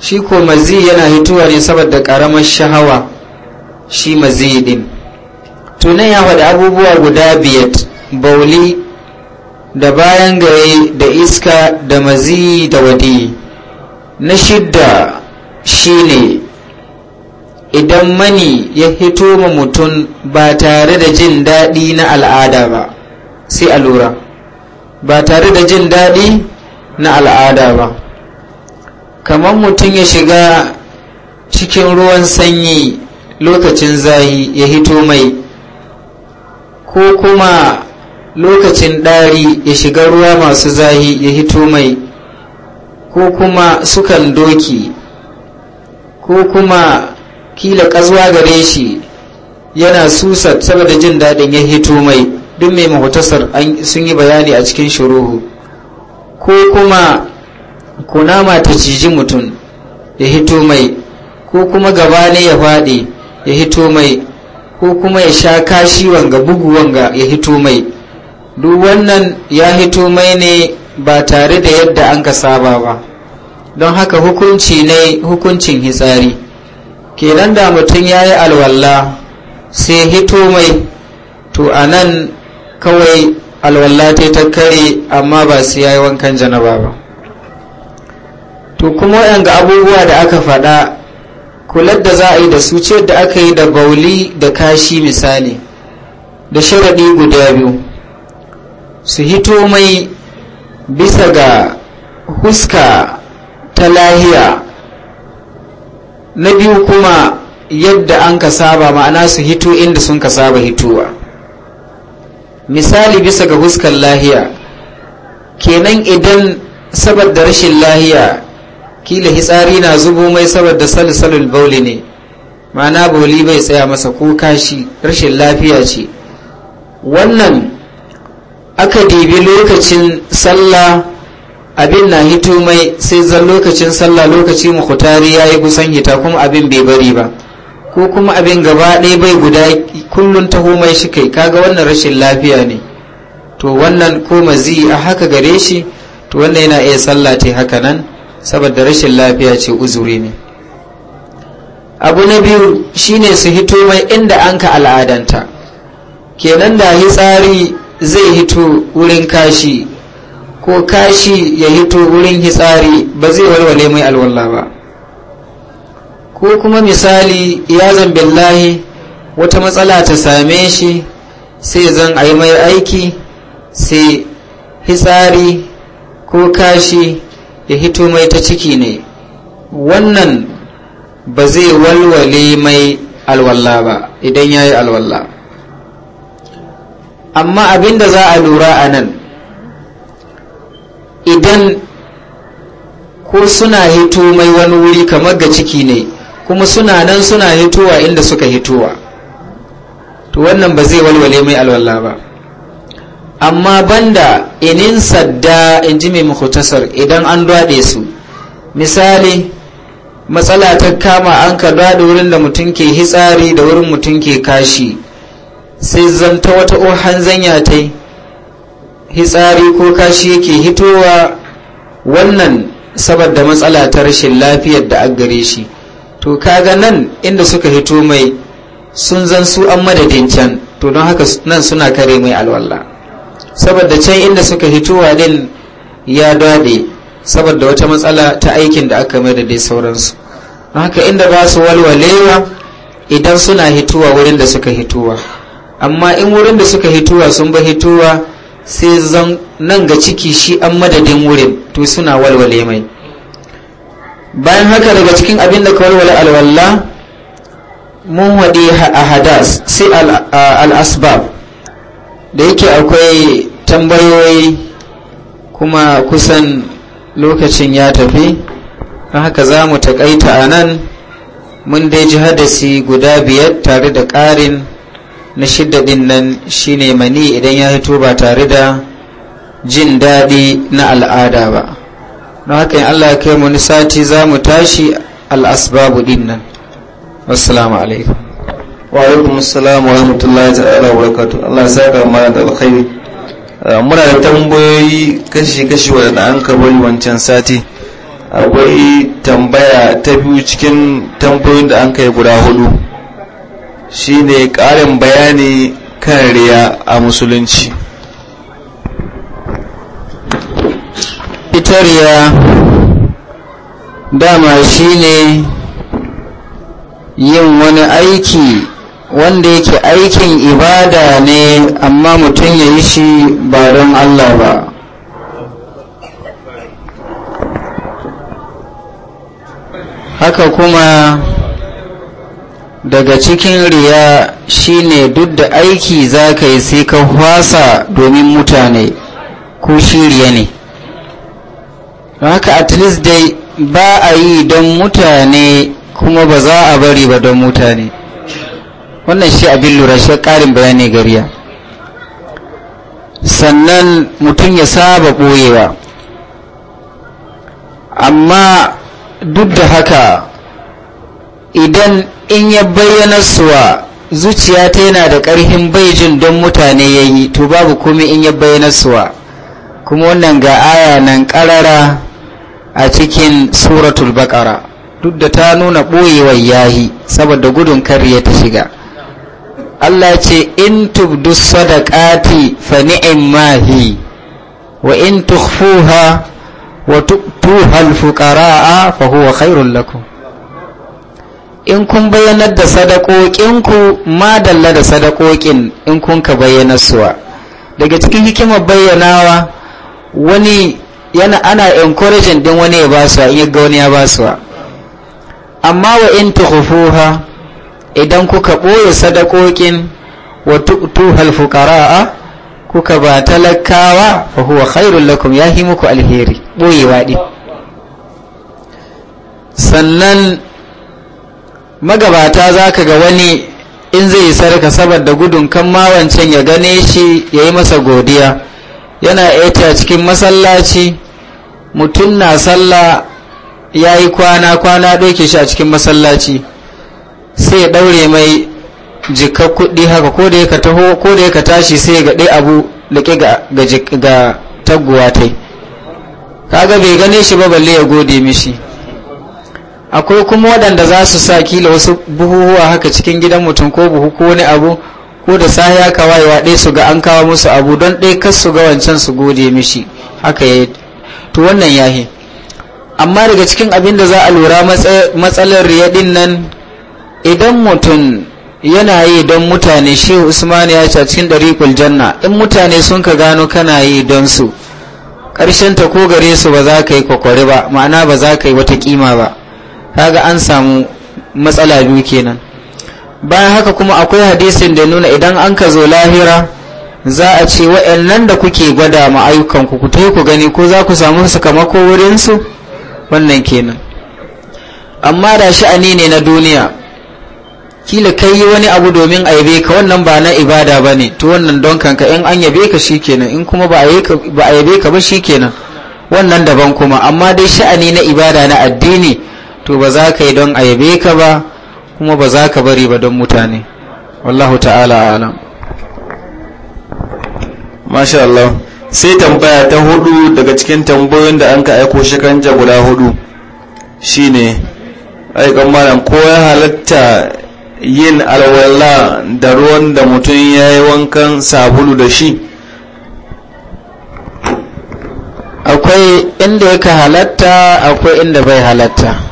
shi ko mazi yana hitowa ne saboda ƙaramar shahawa shi mazi din nan ya faɗi abubuwa guda biyat bauli da bayan gare da iska da mazi da wadi na shidda shine idan mani ya hito ma mutum ba tare da jin daɗi na al'ada ba sai a lura ba tare da jin daɗi na al'ada ba kamar mutum ya shiga cikin ruwan sanyi lokacin zahi ya hito mai ko kuma lokacin ɗari ya shiga ruwa masu zahi ya hito mai ko kuma sukan doki ko kuma kila kazuwa gare shi yana susa saboda jin daɗin ya hito mai duk mai mahutasar sun yi bayani a cikin shuruhu ko kuma kunama ta ciji mutum ya hito mai ko kuma gaba ne ya faɗi ya hito mai ko kuma ya sha kashi wanga bugu wanga ya hito mai duk wannan ya hito mai ne ba tare da yadda an ka saba ba don haka hukunci ne hukuncin hitsari kenan da mutum ya yi alwalla sai hito mai to a nan kawai alwalla ta ta kare amma ba sai ya yi wankan janaba ba to kuma waɗanda abubuwa da aka faɗa kular da za a yi da su ce da aka yi da bauli da kashi misali da sharaɗi guda biyu su hito mai bisa ga huska ta lahiya na biyu kuma yadda an ka saba ma'ana su hito inda sun ka saba hitowa misali bisa ga huskar lahiya kenan idan saboda rashin lahiya kila hitsari na zubo mai saboda salsalul bauli ne ma'ana Bauli bai tsaya masa ko kashi rashin lafiya ce wannan aka dibi lokacin sallah abin na hito mai sai zan lokacin sallah lokaci mukutari ya yi kusan hita kuma abin bai bari ba ko kuma abin gaba ɗaya bai guda kullum taho mai shi kai kaga wannan rashin lafiya ne to wannan ko mazi a haka gare shi to wannan yana iya sallah ta haka nan saboda rashin lafiya ce uzuri ne abu na biyu shine su hito mai inda an ka al'adanta kenan da hitsari zai hito wurin kashi ko kashi ya hito wurin hitsari ba zai walwale mai alwallah ba ko kuma misali ya zan billahi wata matsala ta same shi sai zan a yi mai aiki sai hitsari ko kashi ya hito mai ta ciki ne wannan ba zai walwale mai alwallah ba idan ya yi alwallah amma abinda za a lura a nan idan ko suna hito mai wani wuri kamar ga ciki ne kuma suna nan suna hitowa inda suka hitowa to wannan ba zai walwale mai alwala ba amma banda inin sadda in ji mai mahutasar idan an dwaɗe su misali matsala ta kama an ka dwaɗe wurin da mutum ke hitsari da wurin mutum ke kashi sai zanta wata ohan zanya ta yi hitsari ko kashi yake hitowa wannan saboda matsala ta rashin lafiyar da an gare shi to kaga nan inda suka hito mai sun zan su an madadin can to don haka nan suna kare mai alwallah saboda can inda suka hitowa din ya dade saboda wata matsala ta aikin da aka mai da dai sauransu don haka inda ba su walwalewa idan suna hitowa wurin da suka hitowa amma in wurin da suka hitowa sun ba hitowa sai zan nan ga ciki shi an madadin wurin to suna walwale mai bayan haka daga cikin abin da ka walwale alwallah mun waɗe a hadas sai al'asbab da yake akwai tambayoyi kuma kusan lokacin ya tafi don haka za mu taƙaita a nan mun dai ji hadasi guda biyar tare da ƙarin na shidda din nan shine mani idan ya hito ba tare da jin daɗi na al'ada ba don haka in Allah ya kai mu sati za mu tashi al'asbabu din nan assalamu alaikum wa alaikum assalamu wa rahmatullahi ta'ala wa barakatuh Allah ya saka mana da alkhairi uh, muna da tambayoyi kashi kashi da an ka bari wancan sati akwai tambaya ta biyu cikin tambayoyin da an kai guda hudu shine ƙarin bayani kan riya a musulunci ita riya dama shine yin wani aiki wanda yake aikin ibada ne amma mutum ya yi shi ba don Allah ba haka kuma daga cikin riya shine duk da aiki za ka yi sai ka hwasa domin mutane ko shirya ne haka at least dai ba a yi don mutane kuma ba za a bari ba don mutane wannan shi abin lura shi ƙarin bayani gariya sannan mutum ya saba ɓoyewa amma duk da haka idan in ya bayyana suwa zuciya ta yana da ƙarhin baijin don mutane ya yi to babu kuma in ya bayyana suwa kuma wannan ga aya nan ƙarara a cikin suratul baƙara duk da ta nuna ɓoyewar yahi saboda gudun kar ya ta shiga Allah ce in tubdu sadaqati fa mahi, wa in tukhfuha wa tu'tuha al fa huwa khairul lakum in kun bayyanar da sadakokinku madalla da sadakokin in kun ka bayyana suwa daga cikin hikimar bayyanawa wani yana ana encouraging din wani ya basuwa in yaga wani ya basuwa amma wa in tukhufuha idan kuka boye sadakokin wa tu'tuhal fuqaraa kuka ba talakawa fa huwa khairul lakum yahi muku alheri boyewa din sannan magabata za ka ga wani in zai sarka saboda gudun kan mawancin ya gane shi ya yi masa godiya yana aita cikin masallaci mutum na sallah ya yi kwana-kwana doke shi a cikin masallaci sai ya ɗaure mai jikar kuɗi haka ko da ya ka tashi sai ya gaɗe abu liƙe ga taguwa ta yi kaga bai gane shi ba balle ya gode mishi akwai kuma waɗanda za su sa kila wasu buhuhuwa haka cikin gidan mutum ko buhu ko wani abu ko da sahiya kawayewa ɗaya su ga an kawo musu abu don ɗaya kas su ga wancan su gode mishi haka ya to wannan yahi amma daga cikin abin da za a lura matsalar riyadin nan idan mutum yana yi don mutane shi usman ya ce cikin ɗari janna in mutane sun ka gano kana yi don su ƙarshen ta ko gare su ba za ka yi kwakwari ba ma'ana ba za ka yi wata kima ba kaga an samu matsala biyu kenan bayan haka kuma akwai hadisin da nuna idan an ka zo lahira za a ce wa'annan da kuke gwada ma ayyukanku ku tai ku gani ko za ku samu su sakamako wurinsu wannan kenan amma da sha'ani ne na duniya kila kai yi wani abu domin a yabe ka wannan ba na ibada ba ne to wannan don kanka in an yabe ka shikenan in kuma ba a yabe ka ba shikenan wannan daban kuma amma dai sha'ani na ibada na addini to ba za ka yi don a yabe ka ba kuma ba za ka bari ba don mutane wallahu ta'ala alam masha Allah sai tambaya ta hudu daga cikin tambayoyin da an ka aiko shakanja guda hudu shine aikan malam ko ya halatta yin alwala da ruwan da mutum ya yi wankan sabulu da shi akwai inda yaka halatta akwai inda bai halatta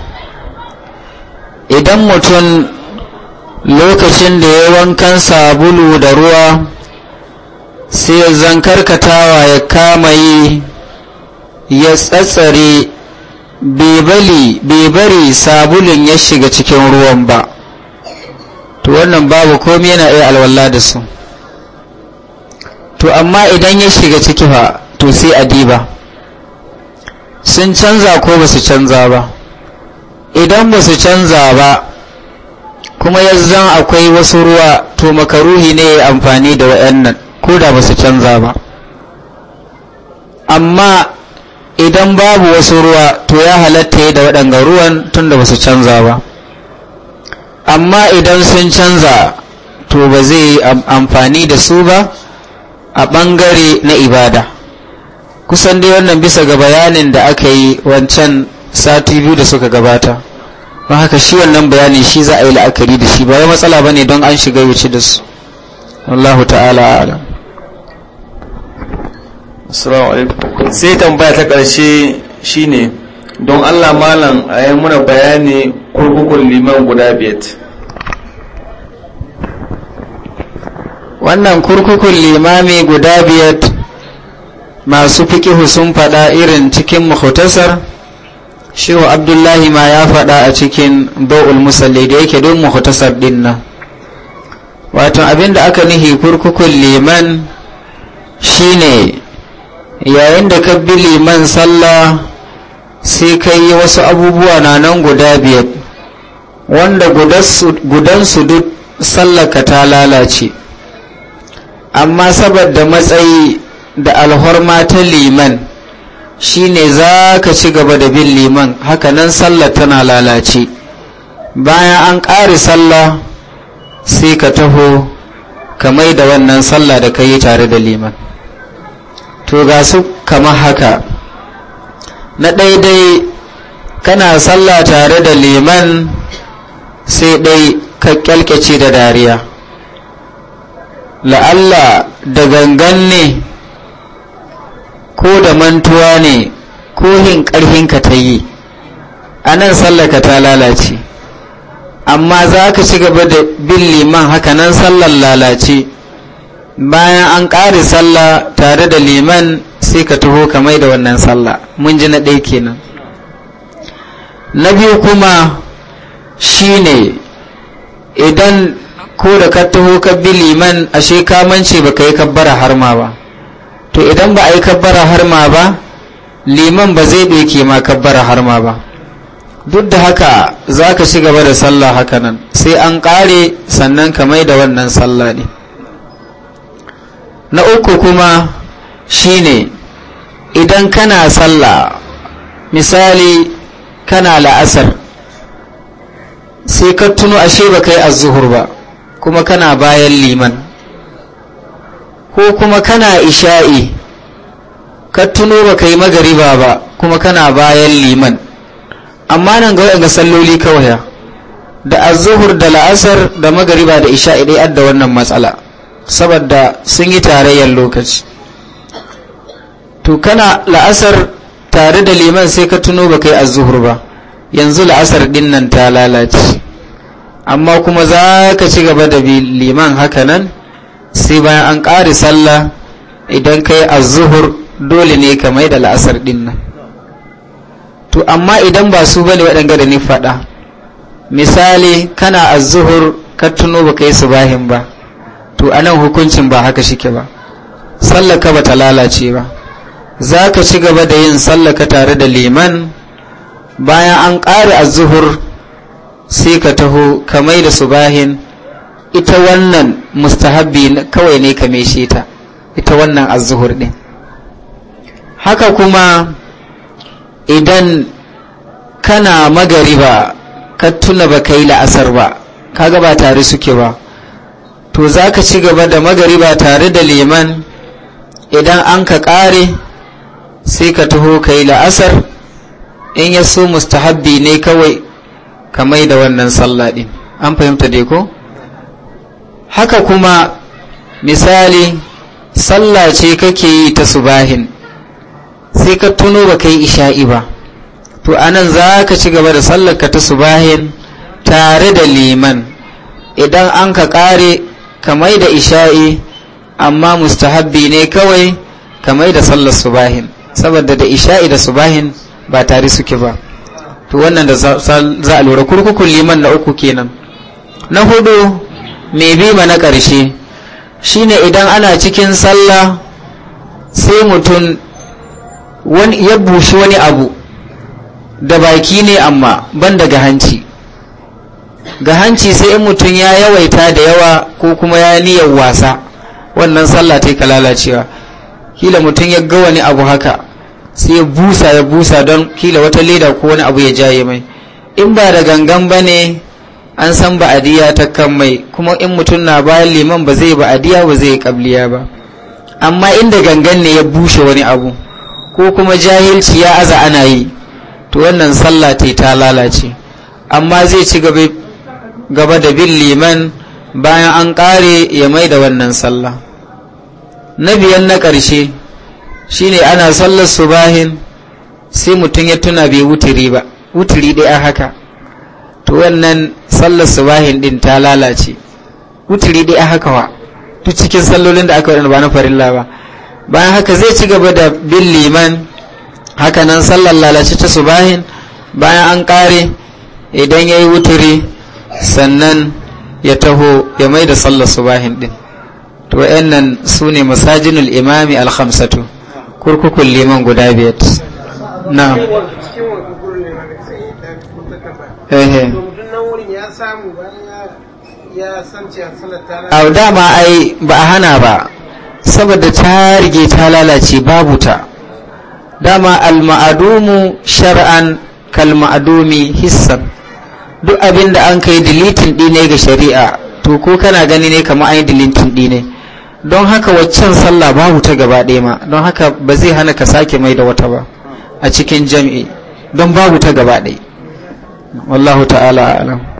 idan mutum lokacin da ya wankan sabulu da ruwa sai ya zankarkatawa ya kama yi ya tsatsare bai bari sabulun ya shiga cikin ruwan ba to wannan babu komi yana iya alwala da su to amma idan ya shiga ciki fa to sai a diba sun canza ko ba su canza ba idan ba su canza ba kuma yanzan akwai wasu ruwa to makaruhi ne ya amfani da waɗannan ko da ba su canza ba amma idan babu wasu ruwa to ya halatta da waɗanga ruwan tun da ba su canza ba amma idan sun canza to ba zai yi amfani da su ba a ɓangare na ibada kusan dai wannan bisa ga bayanin da aka yi wancan sati biyu da suka gabata don haka shi wannan bayani shi za a yi la'akari da shi ba ya matsala ba ne don an shiga wuce da su Allahu ta'ala alam assalamu alaikum sai tambaya ta ƙarshe shine don Allah malam a yi muna bayani kurkukun liman guda biyat wannan kurkukun limami guda biyat masu fiƙihu sun faɗa irin cikin mahutasar shehu abdullahi ma ya faɗa a cikin ba'ul musalli da yake don muhtasar din nan wato abinda aka nihi kurkukun liman shine yayin da ka bi liman sallah sai ka yi wasu abubuwa na nan guda biyar wanda gudansu duk sallaka ta lalace amma saboda matsayi da alhorma ta liman shi ne za ka ci gaba da bin liman hakanan sallar tana lalace bayan an ƙare sallah sai ka taho ka mai da wannan sallah da ka yi tare da liman to ga su kama haka na daidai kana sallah tare da liman sai ɗai ka kyalkace da dariya la'alla da gangan ne ko da mantuwa ne ko hin ka ta yi a nan sallaka ta lalace amma za ka ci gaba da bin liman haka nan sallar lalace bayan an ƙare sallah tare da liman sai ka taho ka mai da wannan sallah mun ji na ɗaya kenan na biyu kuma shine idan ko da ka taho ka bi liman ashe ka ba baka yi kabbara harma ba to idan ba a yi kabbara harma ba liman ba zai ɗauke ma kabbara harma ba duk da haka za ka ci gaba da sallah haka nan sai an ƙare sannan ka mai da wannan sallah ne na uku kuma shine idan kana sallah misali kana la'asar sai ka tuno ashe ba kai azuhur ba kuma kana bayan liman ko kuma kana isha'i ka tuno ba ka yi magariba ba kuma kana bayan liman amma nan ga waɗanda salloli kawai da azuhur da la'asar da magariba da isha'i dai adda wannan matsala saboda sun yi tarayyar lokaci to kana la'asar tare da liman sai ka tuno ba ka yi azuhur ba yanzu la'asar din nan ta lalace amma kuma za ka ci gaba da liman haka nan sai bayan an ƙare sallah idan ka yi azuhur dole ne ka mai da la'asar ɗin nan to amma idan ba su bane waɗanga da ni faɗa misali kana azuhur ka tuno ba ka yi subahin ba to a nan hukuncin ba haka shike ba sallaka ba ta lalace ba za ka ci gaba da yin sallaka tare da liman bayan an ƙare azuhur sai ka taho ka mai da bahin. ita wannan mustahabbi kawai ne ka meshe ta ita wannan azuhur ɗin haka kuma idan kana magariba ka tuna ba ka yi la'asar ba kaga ba tare suke ba to za ka ci gaba da magariba tare da liman idan an ka kare sai ka taho ka yi la'asar in ya so mustahabbi ne kawai ka mai da wannan sallah ɗin an fahimta dai ko? haka kuma misali sallah ce kake yi ta subahin sai ka tuno ba kai isha'i ba to anan za ka ci gaba da sallarka ta subahin tare da liman idan an ka kare kamai da isha'i amma mustahabbi ne kawai kamai da sallar subahin saboda da isha'i da subahin ba tare suke ba to wannan da za a lura kurkukun liman na uku kenan na hudu mai bi ma na ƙarshe ne idan ana cikin sallah sai mutum ya bushe wani abu da baki ne amma ban daga hanci ga hanci sai in mutum ya yawaita da yawa ko kuma ya niyan wasa wannan sallah ta yi lalacewa kila mutum ya ga wani abu haka sai ya busa ya busa don kila wata leda ko wani abu ya jaye mai in ba da gangan ba ne an san ba'adiyya ta kan mai kuma in mutum na bayan liman ba zai ba'adiyya ba zai kabliya ba amma inda gangan ne ya bushe wani abu ko kuma jahilci ya aza ana yi to wannan sallah ta ta lalace amma zai ci gaba da bin liman bayan an kare ya mai da wannan sallah na biyan na ƙarshe shine ana sallar subahin sai mutum ya tuna bai wutiri ba wutiri ɗaya haka to wannan sallar subahin din ta lalace wuturi dai a haka wa duk cikin sallolin da aka waɗanda ba na farilla ba bayan haka zai ci gaba da bin liman haka nan sallar lalace ta subahin bayan an kare idan ya yi wuturi sannan ya taho ya mai da sallar subahin din to nan su ne masajinul imami alhamsatu kurkukun liman guda biyar na Eh, eh. mutum ba a hana ba saboda ta rige ta lalace babu ta dama alma'adumu shar'an kalma'adumi hissan duk abin da an kai dilitin ɗine ga shari'a to ko kana gani ne kamar an yi dilitin ɗine don haka waccan sallah babu ta gaba ɗaya ma don haka ba zai hana ka sake mai da wata ba a cikin jam'i don babu ta gaba ɗaya wallahu ta'ala alam